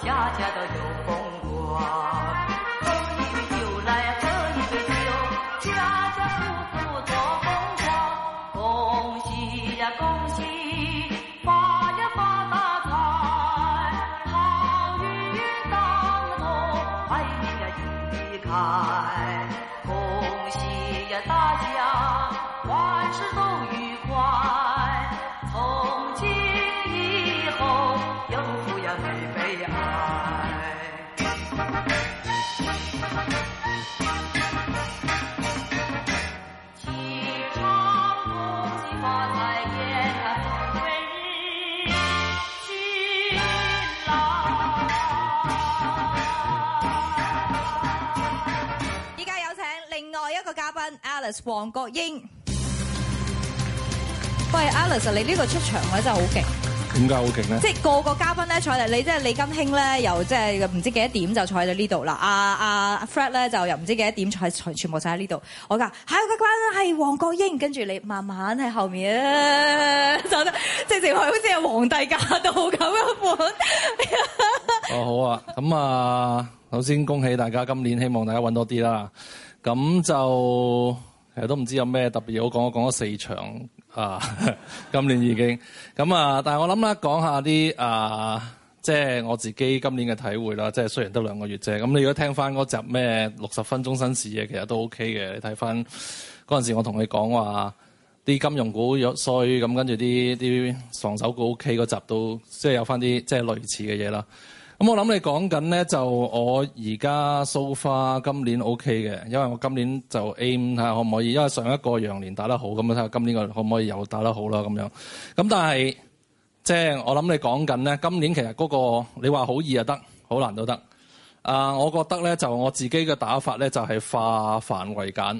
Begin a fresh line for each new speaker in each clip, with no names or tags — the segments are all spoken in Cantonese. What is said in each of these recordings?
家家都有風光。Alice，黃國英，喂 Alice，你呢個出場咧真係好勁，
點解好勁呢？即係
個個嘉賓咧坐嚟，你即係李金興咧，又即係唔知幾多點就坐喺咗呢度啦。阿阿、啊啊、Fred 咧就又唔知幾多點坐坐，全部晒喺呢度。我話下一個嘉賓係黃國英，跟住你慢慢喺後面咧，就直情係好似係皇帝駕到咁一般。
哦，好啊，咁啊，首先恭喜大家，今年希望大家揾多啲啦。咁就。其實都唔知有咩特別。我講我講咗四場啊，今年已經咁啊。但係我諗啦，講下啲啊，即係我自己今年嘅體會啦。即係雖然得兩個月啫，咁你如果聽翻嗰集咩六十分鐘新事嘅，其實都 OK 嘅。你睇翻嗰陣時我，我同你講話啲金融股有衰，咁跟住啲啲上手股 OK 嗰集都即係有翻啲即係類似嘅嘢啦。咁、嗯、我諗你講緊咧，就我而家 so far 今年 OK 嘅，因為我今年就 aim 睇下可唔可以，因為上一個羊年打得好，咁啊睇下今年個可唔可以又打得好啦咁樣。咁但係即係我諗你講緊咧，今年其實嗰、那個你話好易又得，好難都得。啊、呃，我覺得咧就我自己嘅打法咧就係、是、化繁為簡。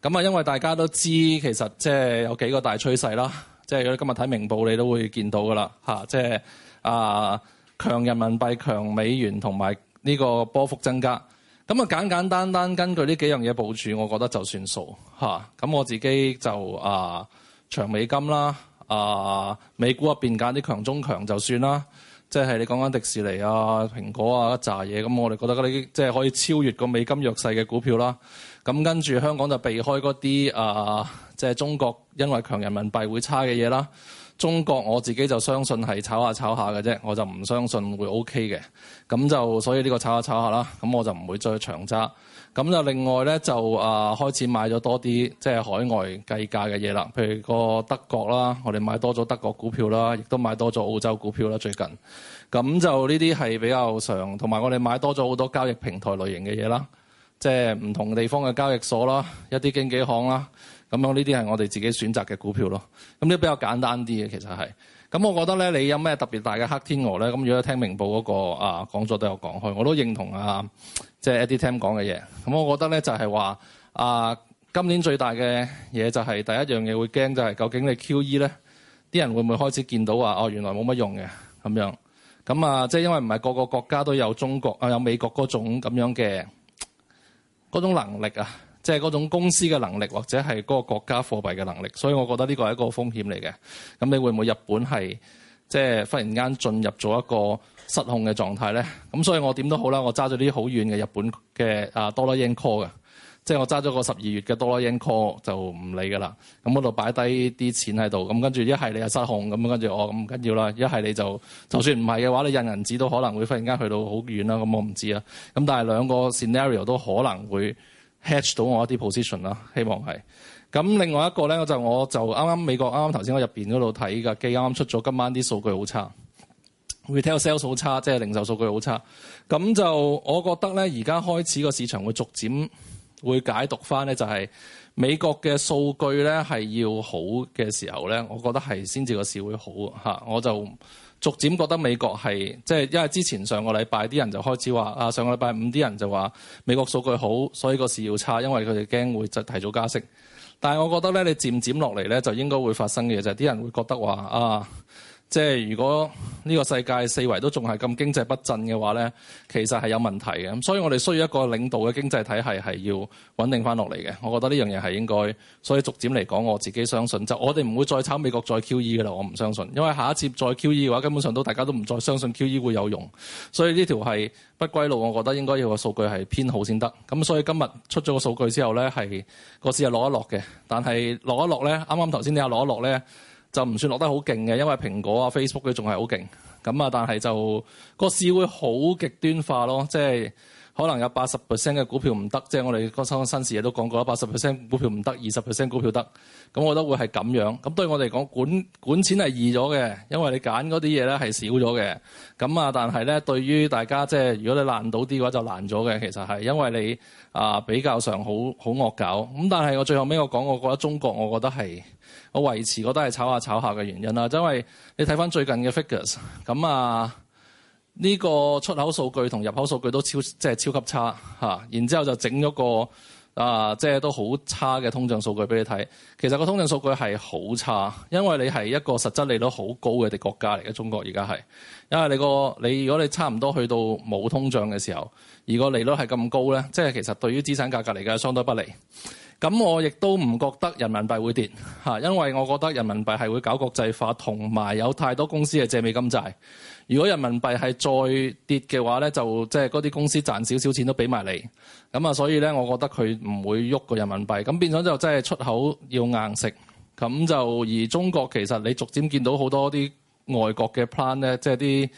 咁、嗯、啊，因為大家都知，其實即係有幾個大趨勢啦。即、就、係、是、今日睇明報，你都會見到噶啦吓。即係啊。就是呃強人民幣、強美元同埋呢個波幅增加，咁啊簡簡單單根據呢幾樣嘢部署，我覺得就算數吓。咁我自己就啊、呃、長美金啦，啊、呃、美股入面揀啲強中強就算啦，即、就、係、是、你講緊迪士尼啊、蘋果啊一紮嘢，咁我哋覺得嗰啲即係可以超越個美金弱勢嘅股票啦。咁跟住香港就避開嗰啲啊，即、呃、係、就是、中國因為強人民幣會差嘅嘢啦。中國我自己就相信係炒下炒下嘅啫，我就唔相信會 OK 嘅。咁就所以呢個炒下炒下啦。咁我就唔會再去長揸。咁就另外呢，就啊、呃、開始買咗多啲即係海外計價嘅嘢啦。譬如個德國啦，我哋買多咗德國股票啦，亦都買多咗澳洲股票啦。最近咁就呢啲係比較常，同埋我哋買多咗好多交易平台類型嘅嘢啦，即係唔同地方嘅交易所啦，一啲經紀行啦。咁樣呢啲係我哋自己選擇嘅股票咯。咁、嗯、呢比較簡單啲嘅其實係。咁、嗯、我覺得咧，你有咩特別大嘅黑天鵝咧？咁、嗯、如果聽明報嗰、那個啊講座都有講開，我都認同啊，即係 Edie Tim 講嘅嘢。咁、嗯、我覺得咧就係、是、話啊，今年最大嘅嘢就係、是、第一樣嘢會驚就係、是、究竟你 QE 咧，啲人會唔會開始見到話哦原來冇乜用嘅咁樣？咁、嗯、啊即係、就是、因為唔係個個國家都有中國啊有美國嗰種咁樣嘅嗰種能力啊。即係嗰種公司嘅能力，或者係嗰個國家貨幣嘅能力，所以我覺得呢個係一個風險嚟嘅。咁你會唔會日本係即係忽然間進入咗一個失控嘅狀態咧？咁所以我點都好啦，我揸咗啲好遠嘅日本嘅啊 dollar call 嘅，即係我揸咗個十二月嘅 dollar call 就唔理㗎啦。咁嗰度擺低啲錢喺度，咁跟住一係你係失控，咁跟住我咁唔緊要啦。一係你就就算唔係嘅話，你印銀紙都可能會忽然間去到好遠啦。咁我唔知啦。咁但係兩個 scenario 都可能會。patch 到我一啲 position 啦，希望係。咁另外一個咧，我就我就啱啱美國啱啱頭先我入面嗰度睇嘅，既啱啱出咗今晚啲數據好差，retail sales 好差，即係、就是、零售數據好差。咁就我覺得咧，而家開始個市場會逐漸會解讀翻咧，就係、是。美國嘅數據咧係要好嘅時候咧，我覺得係先至個市會好、啊、我就逐漸覺得美國係即係，就是、因為之前上個禮拜啲人就開始話啊，上個禮拜五啲人就話美國數據好，所以個市要差，因為佢哋驚會就提早加息。但係我覺得咧，你漸漸落嚟咧，就應該會發生嘅就係、是、啲人會覺得話啊。即係如果呢個世界四圍都仲係咁經濟不振嘅話呢，其實係有問題嘅。咁所以我哋需要一個領導嘅經濟體系，係要穩定翻落嚟嘅。我覺得呢樣嘢係應該。所以逐漸嚟講，我自己相信，就我哋唔會再炒美國再 QE 㗎啦。我唔相信，因為下一節再 QE 嘅話，根本上都大家都唔再相信 QE 會有用。所以呢條係不歸路，我覺得應該要個數據係偏好先得。咁所以今日出咗個數據之後呢，係個市係落一落嘅。但係落一落呢，啱啱頭先你又落一落呢。就唔算落得好勁嘅，因為蘋果啊、Facebook 佢仲係好勁，咁啊，但係就個市會好極端化咯，即係可能有八十 percent 嘅股票唔得，即係我哋剛剛新市亦都講過啦，八十 percent 股票唔得，二十 percent 股票得，咁我覺得會係咁樣。咁對我嚟講，管管錢係易咗嘅，因為你揀嗰啲嘢咧係少咗嘅，咁啊，但係咧對於大家即係如果你難到啲嘅話就難咗嘅，其實係因為你啊、呃、比較上好好惡搞，咁但係我最後尾我講，我覺得中國，我覺得係。我維持覺得係炒下炒下嘅原因啦，因為你睇翻最近嘅 figures，咁啊呢、這個出口數據同入口數據都超即係、就是、超級差嚇，然之後就整咗個啊即係、就是、都好差嘅通脹數據俾你睇。其實個通脹數據係好差，因為你係一個實質利率好高嘅地國家嚟嘅，中國而家係，因為你個你如果你差唔多去到冇通脹嘅時候，而個利率係咁高咧，即係其實對於資產價格嚟嘅相當不利。咁我亦都唔覺得人民幣會跌嚇，因為我覺得人民幣係會搞國際化，同埋有太多公司係借美金債。如果人民幣係再跌嘅話咧，就即係嗰啲公司賺少少錢都俾埋你。咁啊，所以咧，我覺得佢唔會喐個人民幣。咁變咗就即係出口要硬食。咁就而中國其實你逐漸見到好多啲外國嘅 plan 咧，即係啲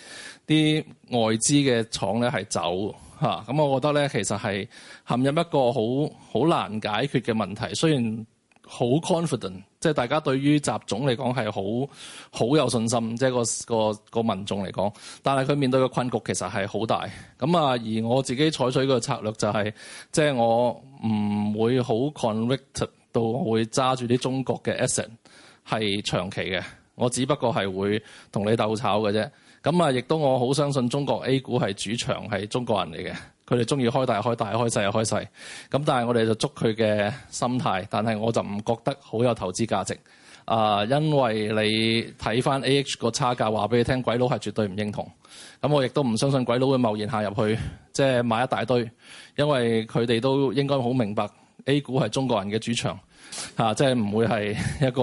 啲外資嘅廠咧係走。咁，啊、我覺得咧，其實係陷入一個好好難解決嘅問題。雖然好 confident，即係大家對於習總嚟講係好好有信心，即係個個個民眾嚟講，但係佢面對嘅困局其實係好大。咁啊，而我自己採取嘅策略就係，即係我唔會好 convicted 到會揸住啲中國嘅 asset 係長期嘅。我只不過係會同你鬥炒嘅啫。咁啊，亦都我好相信中國 A 股係主場係中國人嚟嘅，佢哋中意開大開大開細啊開細。咁但係我哋就捉佢嘅心態，但係我就唔覺得好有投資價值啊，呃，因為你睇翻 A H 個差價，話俾你聽，鬼佬係絕對唔認同。咁我亦都唔相信鬼佬會貿然下入去，即係買一大堆，因為佢哋都應該好明白 A 股係中國人嘅主場。嚇，即係唔會係一個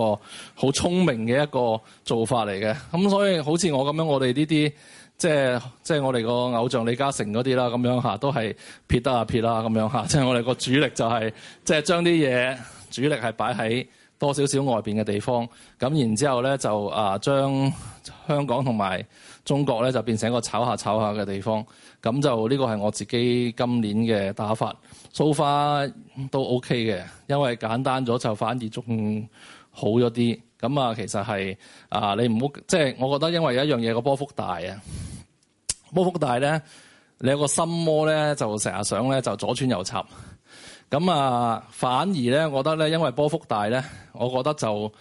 好聰明嘅一個做法嚟嘅。咁所以好似我咁樣，我哋呢啲即係即係我哋個偶像李嘉誠嗰啲啦，咁樣下都係撇得下、啊、撇啦、啊，咁樣下，即、就、係、係、我哋個主力就係即係將啲嘢主力係擺喺多少少外邊嘅地方。咁然之後咧就啊將香港同埋中國咧就變成一個炒下炒下嘅地方。咁就呢、呢個係我自己今年嘅打法。蘇花、so、都 OK 嘅，因為簡單咗就反而仲好咗啲。咁啊，其實係啊，你唔好即係，就是、我覺得因為有一樣嘢個波幅大啊，波幅大咧，你有個心魔咧就成日想咧就左穿右插。咁啊，反而咧，我覺得咧，因為波幅大咧，我覺得就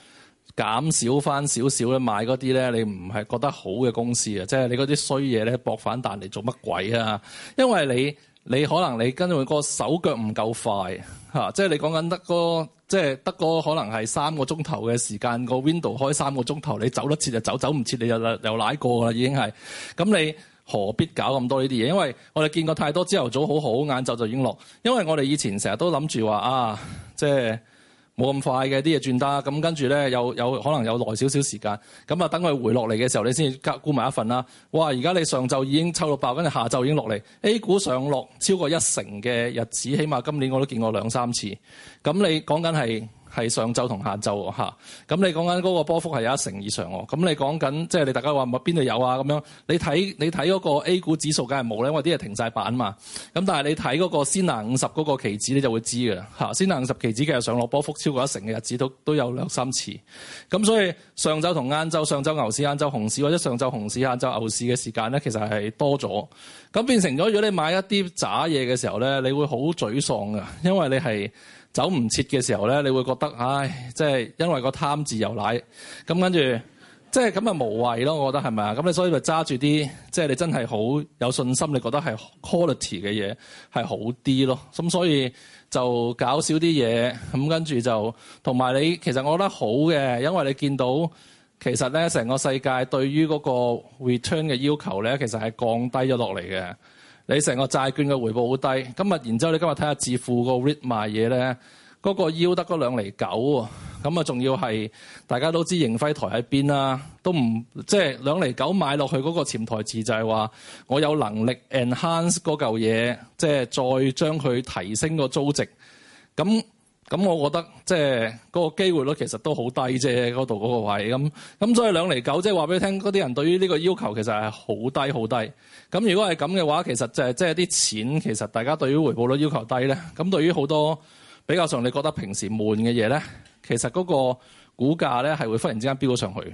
減少翻少少咧買嗰啲咧，你唔係覺得好嘅公司啊，即、就、係、是、你嗰啲衰嘢咧博反彈嚟做乜鬼啊？因為你。你可能你跟住個手腳唔夠快吓，即係你講緊德哥，即係德哥可能係三個鐘頭嘅時間，個 window 開三個鐘頭，你走得切就走，走唔切你就又奶過啦，已經係。咁你何必搞咁多呢啲嘢？因為我哋見過太多朝頭早好好，晏晝就已經落。因為我哋以前成日都諗住話啊，即係。冇咁快嘅啲嘢轉得咁、嗯、跟住咧，有有可能有耐少少時間咁啊、嗯，等佢回落嚟嘅時候，你先至加沽埋一份啦。哇！而家你上晝已經抽六百，跟住下晝已經落嚟，A 股上落超過一成嘅日子，起碼今年我都見過兩三次。咁、嗯、你講緊係。係上晝同下晝喎，咁、啊、你講緊嗰個波幅係有一成以上喎，咁你講緊即係你大家話邊度有啊咁樣？你睇你睇嗰個 A 股指數梗係冇咧，因為啲係停晒板嘛。咁、啊、但係你睇嗰個先納五十嗰個期指，你就會知㗎。啦、啊，先納五十期指其實上落波幅超過一成嘅日子都都有兩三次。咁所以上晝同晏晝，上晝牛市、晏晝熊市，或者上晝熊市、晏晝牛市嘅時間咧，其實係多咗。咁變成咗，如果你買一啲渣嘢嘅時候咧，你會好沮喪㗎，因為你係。走唔切嘅時候咧，你會覺得，唉，即係因為個貪自由奶，咁跟住，即係咁啊無謂咯，我覺得係咪啊？咁你所以咪揸住啲，即係你真係好有信心，你覺得係 quality 嘅嘢係好啲咯。咁所以就搞少啲嘢，咁跟住就同埋你，其實我覺得好嘅，因為你見到其實咧成個世界對於嗰個 return 嘅要求咧，其實係降低咗落嚟嘅。你成個債券嘅回報好低，今日然之後你今日睇下置富個 REIT 賣嘢咧，嗰個腰得嗰兩厘九喎，咁啊仲要係大家都知盈輝台喺邊啦，都唔即係兩厘九買落去嗰個潛台詞就係話我有能力 enhance 嗰嚿嘢，即係再將佢提升個租值，咁。咁我覺得即係嗰個機會率其實都好低啫，嗰度嗰個位咁咁，所以兩厘九即係話俾你聽，嗰啲人對於呢個要求其實係好低好低。咁如果係咁嘅話，其實即係即係啲錢其實大家對於回報率要求低咧，咁對於好多比較上你覺得平時悶嘅嘢咧，其實嗰個股價咧係會忽然之間飆咗上去。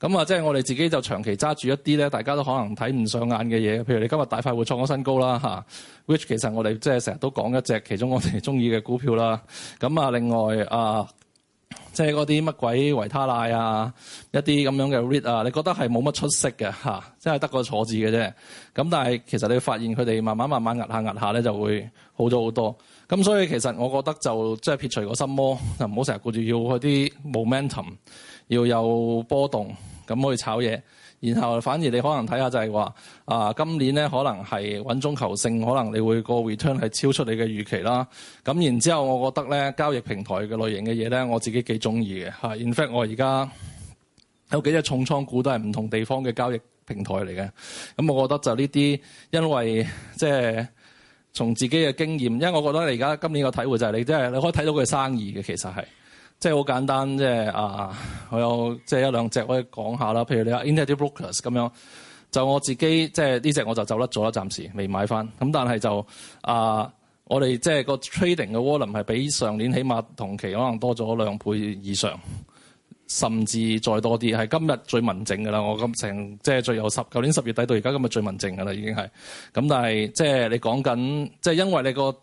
咁啊，即係我哋自己就長期揸住一啲咧，大家都可能睇唔上眼嘅嘢，譬如你今日大快活創咗新高啦吓 which 其實我哋即係成日都講一隻，其中我哋中意嘅股票啦。咁啊，另外啊，即係嗰啲乜鬼維他奶啊，一啲咁樣嘅 read 啊，你覺得係冇乜出息嘅吓，即係得個坐字嘅啫。咁、啊、但係其實你發現佢哋慢慢慢慢壓下壓下咧，就會好咗好多。咁所以其實我覺得就即係撇除個心魔，就唔好成日顧住要啲 momentum。要有波動咁可以炒嘢，然後反而你可能睇下就係話啊，今年咧可能係穩中求勝，可能你會個 return 係超出你嘅預期啦。咁然之後，我覺得咧交易平台嘅類型嘅嘢咧，我自己幾中意嘅吓。In fact，我而家有幾隻重倉股都係唔同地方嘅交易平台嚟嘅。咁我覺得就呢啲，因為即係、就是、從自己嘅經驗，因為我覺得你而家今年嘅體會就係、是、你即、就、係、是、你可以睇到佢生意嘅其實係。即係好簡單，即係啊！我有即係一兩隻可以講下啦。譬如你話 Interactive Brokers 咁樣，就我自己即係呢隻我就走甩咗啦，暫時未買翻。咁但係就啊，我哋即係個 trading 嘅 volume 係比上年起碼同期可能多咗兩倍以上，甚至再多啲。係今日最文靜噶啦，我今成即係最有十，舊年十月底到而家今日最文靜噶啦，已經係。咁但係即係你講緊，即係因為你個。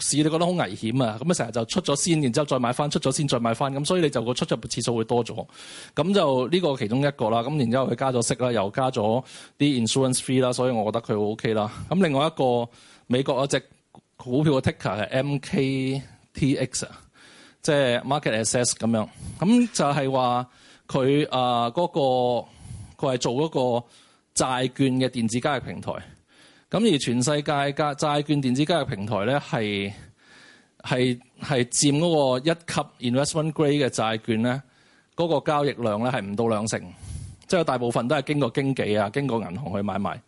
市你覺得好危險啊！咁啊，成日就出咗先，然之後再買翻，出咗先再買翻，咁所以你就個出入次數會多咗。咁、嗯、就呢個其中一個啦。咁然之後佢加咗息啦，又加咗啲 insurance fee 啦，所以我覺得佢好 OK 啦。咁、嗯、另外一個美國嗰隻股票嘅 ticker 係 MKTX，即係 market access 咁樣。咁、嗯、就係話佢啊，嗰個佢係做一個債券嘅電子交易平台。咁而全世界嘅債券電子交易平台咧，係係係佔嗰個一級 investment grade 嘅債券咧，嗰個交易量咧係唔到兩成，即係大部分都係經過經紀啊，經過銀行去買賣。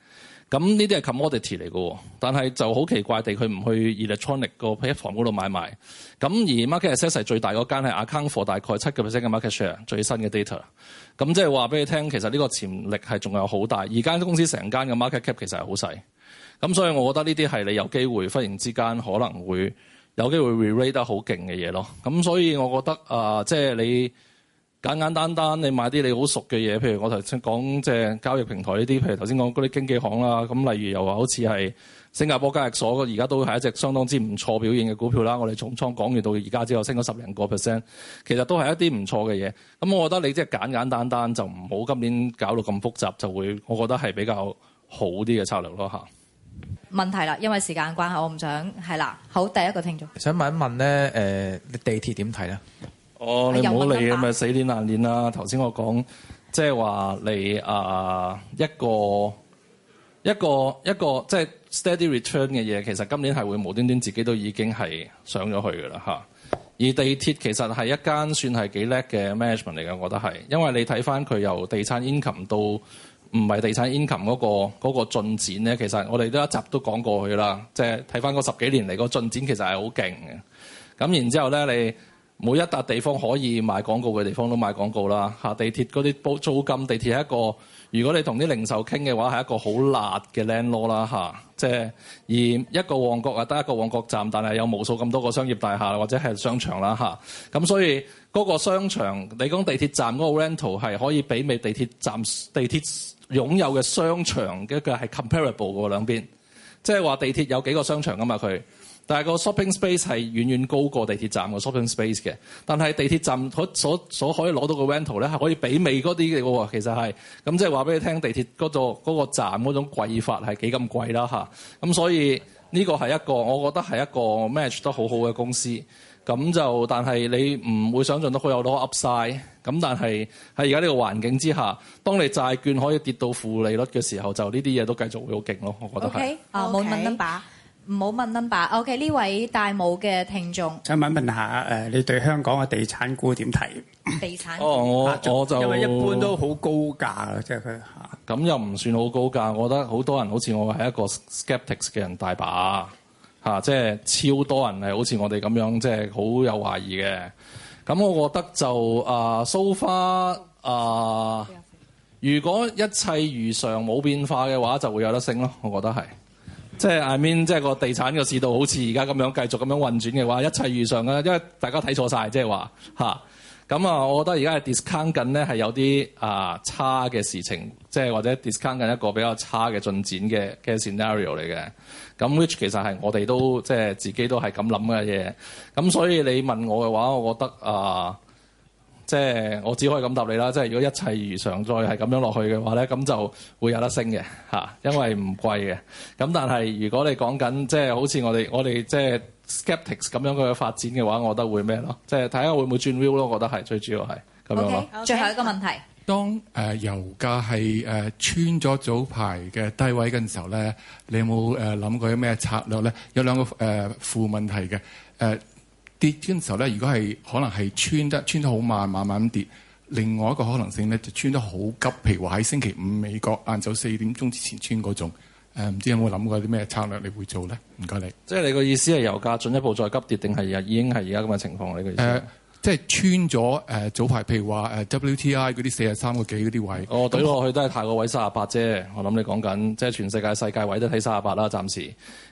咁呢啲係 commodity 嚟㗎，但係就好奇怪地，佢唔去 electronic 嗰 platform 嗰度買賣。咁而 market share 最大嗰間係 account for，大概七個 percent 嘅 market share。最新嘅 data，咁即係話俾你聽，其實呢個潛力係仲有好大。而間公司成間嘅 market cap 其實係好細。咁所以，我覺得呢啲係你有機會忽然之間可能會有機會 re-rate 得好勁嘅嘢咯。咁所以，我覺得啊，即、呃、係、就是、你簡簡單單，單你買啲你好熟嘅嘢，譬如我頭先講即係交易平台呢啲，譬如頭先講嗰啲經紀行啦。咁例如又話好似係新加坡交易所，而家都係一隻相當之唔錯表現嘅股票啦。我哋重倉講完到而家之後升之，升咗十零個 percent，其實都係一啲唔錯嘅嘢。咁我覺得你即係簡簡單單，單就唔好今年搞到咁複雜，就會我覺得係比較好啲嘅策略咯嚇。
問題啦，因為時間關係，我唔想係啦。好，第一個聽眾
想問一問咧，誒，地鐵點睇咧？哦，你唔好理啊！咪死鏈爛鏈啦！頭先我講即係話你啊，一個一個一個即係、就是、steady return 嘅嘢，其實今年係會無端端自己都已經係上咗去㗎啦、吓、而地鐵其實係一間算係幾叻嘅 management 嚟嘅，我覺得係，因為你睇翻佢由地產 income 到。唔係地產 Income 嗰個嗰個進展咧，其實我哋都一集都講過去啦。即係睇翻嗰十幾年嚟個進展，其實係好勁嘅。咁然之後咧，你每一笪地方可以賣廣告嘅地方都賣廣告啦。嚇，地鐵嗰啲租租金，地鐵係一個。如果你同啲零售傾嘅話，係一個好辣嘅 landlord 啦、啊、嚇，即、就、係、是、而一個旺角啊，得一個旺角站，但係有無數咁多個商業大廈或者係商場啦，嚇，咁、啊啊、所以嗰、那個商場你講地鐵站嗰個 rental 係可以媲美地鐵站地鐵擁有嘅商場嘅一個係 comparable 嘅喎、啊、兩邊，即係話地鐵有幾個商場㗎嘛，佢。但係個 shopping space 係遠遠高過地鐵站個 shopping space 嘅，但係地鐵站所所，所可以攞到個 rental 咧，係可以媲美嗰啲嘅喎。其實係咁，即係話俾你聽，地鐵嗰、嗰個嗰、嗰個站嗰種貴法係幾咁貴啦吓，咁、啊、所以呢個係一個我覺得係一個 match 得個好好嘅公司。咁就但係你唔會想象到佢有多 upside。咁但係喺而家呢個環境之下，當你債券可以跌到負利率嘅時候，就呢啲嘢都繼續會好勁咯。我覺得係。
OK，冇問得把。唔好問 number，OK、okay，呢位戴帽嘅聽眾，
想問問下誒，你對香港嘅地產股點睇？
地
產哦，我我就因為一般都好
高價即係佢嚇。咁、就是、又唔算好高價，我覺得好多人好似我係一個 skeptics 嘅人大把嚇，即、啊、係、就是、超多人係好似我哋咁樣，即係好有懷疑嘅。咁、啊、我覺得就 s 啊，so far 啊，嗯嗯嗯、如果一切如常冇變化嘅話，就會有得升咯。我覺得係。即係 I mean，即係個地產嘅市道好似而家咁樣繼續咁樣運轉嘅話，一切如常啦。因為大家睇錯晒，即係話吓，咁啊，我覺得而家係 discount 緊咧，係有啲啊差嘅事情，即係或者 discount 緊一個比較差嘅進展嘅嘅 scenario 嚟嘅。咁 which 其實係我哋都即係自己都係咁諗嘅嘢。咁所以你問我嘅話，我覺得啊。呃即係我只可以咁答你啦，即係如果一切如常再係咁樣落去嘅話咧，咁就會有得升嘅，因為唔貴嘅。咁但係如果你講緊即係好似我哋我哋即係 skeptics 咁樣嘅發展嘅話，我覺得會咩咯？即係睇下會唔會轉 view 咯？我覺得係最主要係咁 Okay, 樣咯。okay.
最後一個問題，當、
呃、油價係、呃、穿咗早排嘅低位嘅時候咧，你有冇諗過啲咩策略咧？有兩個誒副、呃、問題嘅跌嘅時候咧，如果係可能係穿得穿得好慢，慢慢跌；另外一個可能性咧，就穿得好急，譬如話喺星期五美國晏晝四點鐘之前穿嗰種。誒，唔知有冇諗過啲咩策略你會做咧？唔該你。即係你個意思係油價進一步再急跌，定係已已經係而家咁嘅情況呢個？你即係穿咗誒、呃，早排譬如話誒、呃、W T I 嗰啲四十三個幾嗰啲位，我睇落去都係太個位三十八啫。我諗你講緊即係全世界世界位都睇三十八啦，暫時。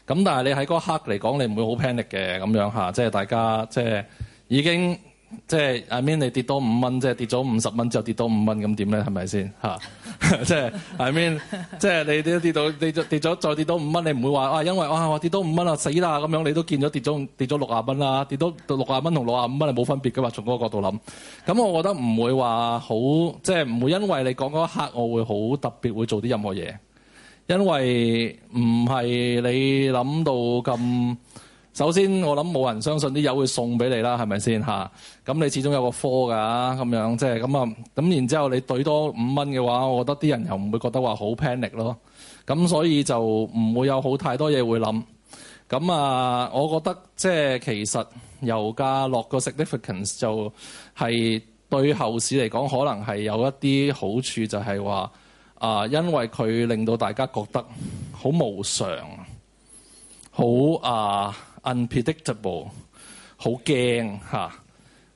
咁但係你喺嗰一刻嚟講，你唔會好 panic 嘅咁樣吓，即係大家即係已經。即係 I mean 你跌多五蚊，即係跌咗五十蚊之後跌多五蚊，咁點咧？係咪先嚇？即係 I mean，即係你跌到跌咗跌咗再跌多五蚊，你唔會話啊，因為啊跌多五蚊啊死啦咁樣，你都見咗跌咗跌咗六啊蚊啦，跌到六啊蚊同六啊五蚊係冇分別嘅嘛？從嗰個角度諗，咁我覺得唔會話好，即係唔會因為你講嗰一刻，我會好特別會做啲任何嘢，因為唔係你諗到咁。首先我諗冇人相信啲油會送俾你啦，係咪先吓，咁你始終有個科㗎咁樣，即係咁啊，咁然之後你對多五蚊嘅話，我覺得啲人又唔會覺得話好 panic 咯。咁所以就唔會有好太多嘢會諗。咁啊，我覺得即係其實油價落個 significant 就係、是、對後市嚟講，可能係有一啲好處就，就係話啊，因為佢令到大家覺得好無常，好啊。呃 unpredictable，好驚嚇，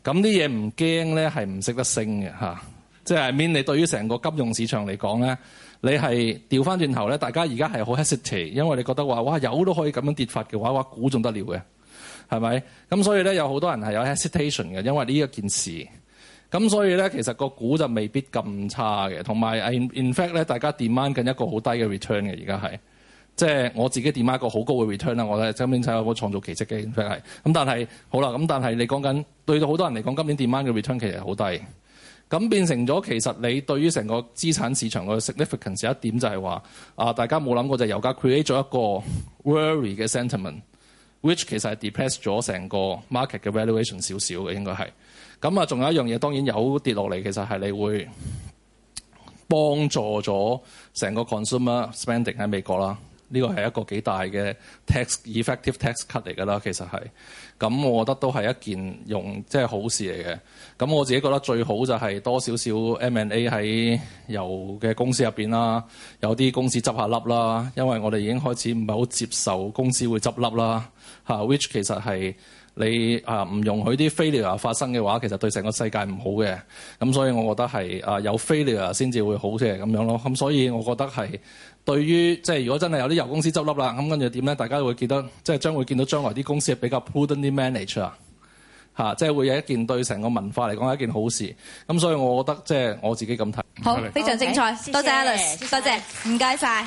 咁啲嘢唔驚咧係唔識得升嘅嚇、啊，即係面 I mean，你對於成個金融市場嚟講咧，你係調返轉頭咧，大家而家係好 hesitate，因為你覺得話哇有都可以咁樣跌法嘅話，哇估仲得了嘅，係咪？咁所以咧有好多人係有 hesitation 嘅，因為呢一件事，咁所以咧其實個股就未必咁差嘅，同埋 in, in fact 咧，大家 demand 緊一個好低嘅 return 嘅，而家係。即係我自己 demand 一個好高嘅 return 啦，我哋係今年睇下個創造奇蹟嘅嘢係。咁但係好啦，咁但係你講緊對到好多人嚟講，今年 demand 嘅 return 其實好低。咁變成咗其實你對於成個資產市場嘅 significant 一點就係話啊，大家冇諗過就係油價 create 咗一個 worry 嘅 sentiment，which 其實係 depress 咗成個 market 嘅 valuation 少少嘅應該係。咁啊，仲有一樣嘢，當然有跌落嚟其實係你會幫助咗成個 consumer spending 喺美國啦。呢個係一個幾大嘅 tax effective tax cut 嚟㗎啦，其實係，咁我覺得都係一件用即係好事嚟嘅。咁我自己覺得最好就係多少少 M&A 喺油嘅公司入面啦，有啲公司執下笠啦，因為我哋已經開始唔係好接受公司會執笠啦，吓、啊、Which 其實係你唔容許啲 failure 發生嘅話，其實對成個世界唔好嘅。咁所以我覺得係啊，有 failure 先至會好啲嘅咁樣咯。咁所以我覺得係。對於即係，如果真係有啲油公司執笠啦，咁跟住點咧？大家會見得即係將會見到將來啲公司係比較 prudently manage 啊，嚇！即係會有一件對成個文化嚟講係一件好事。咁所以我覺得即係我自己咁睇。好，謝謝，非常精彩，okay，多謝 Alice
多謝，唔該曬，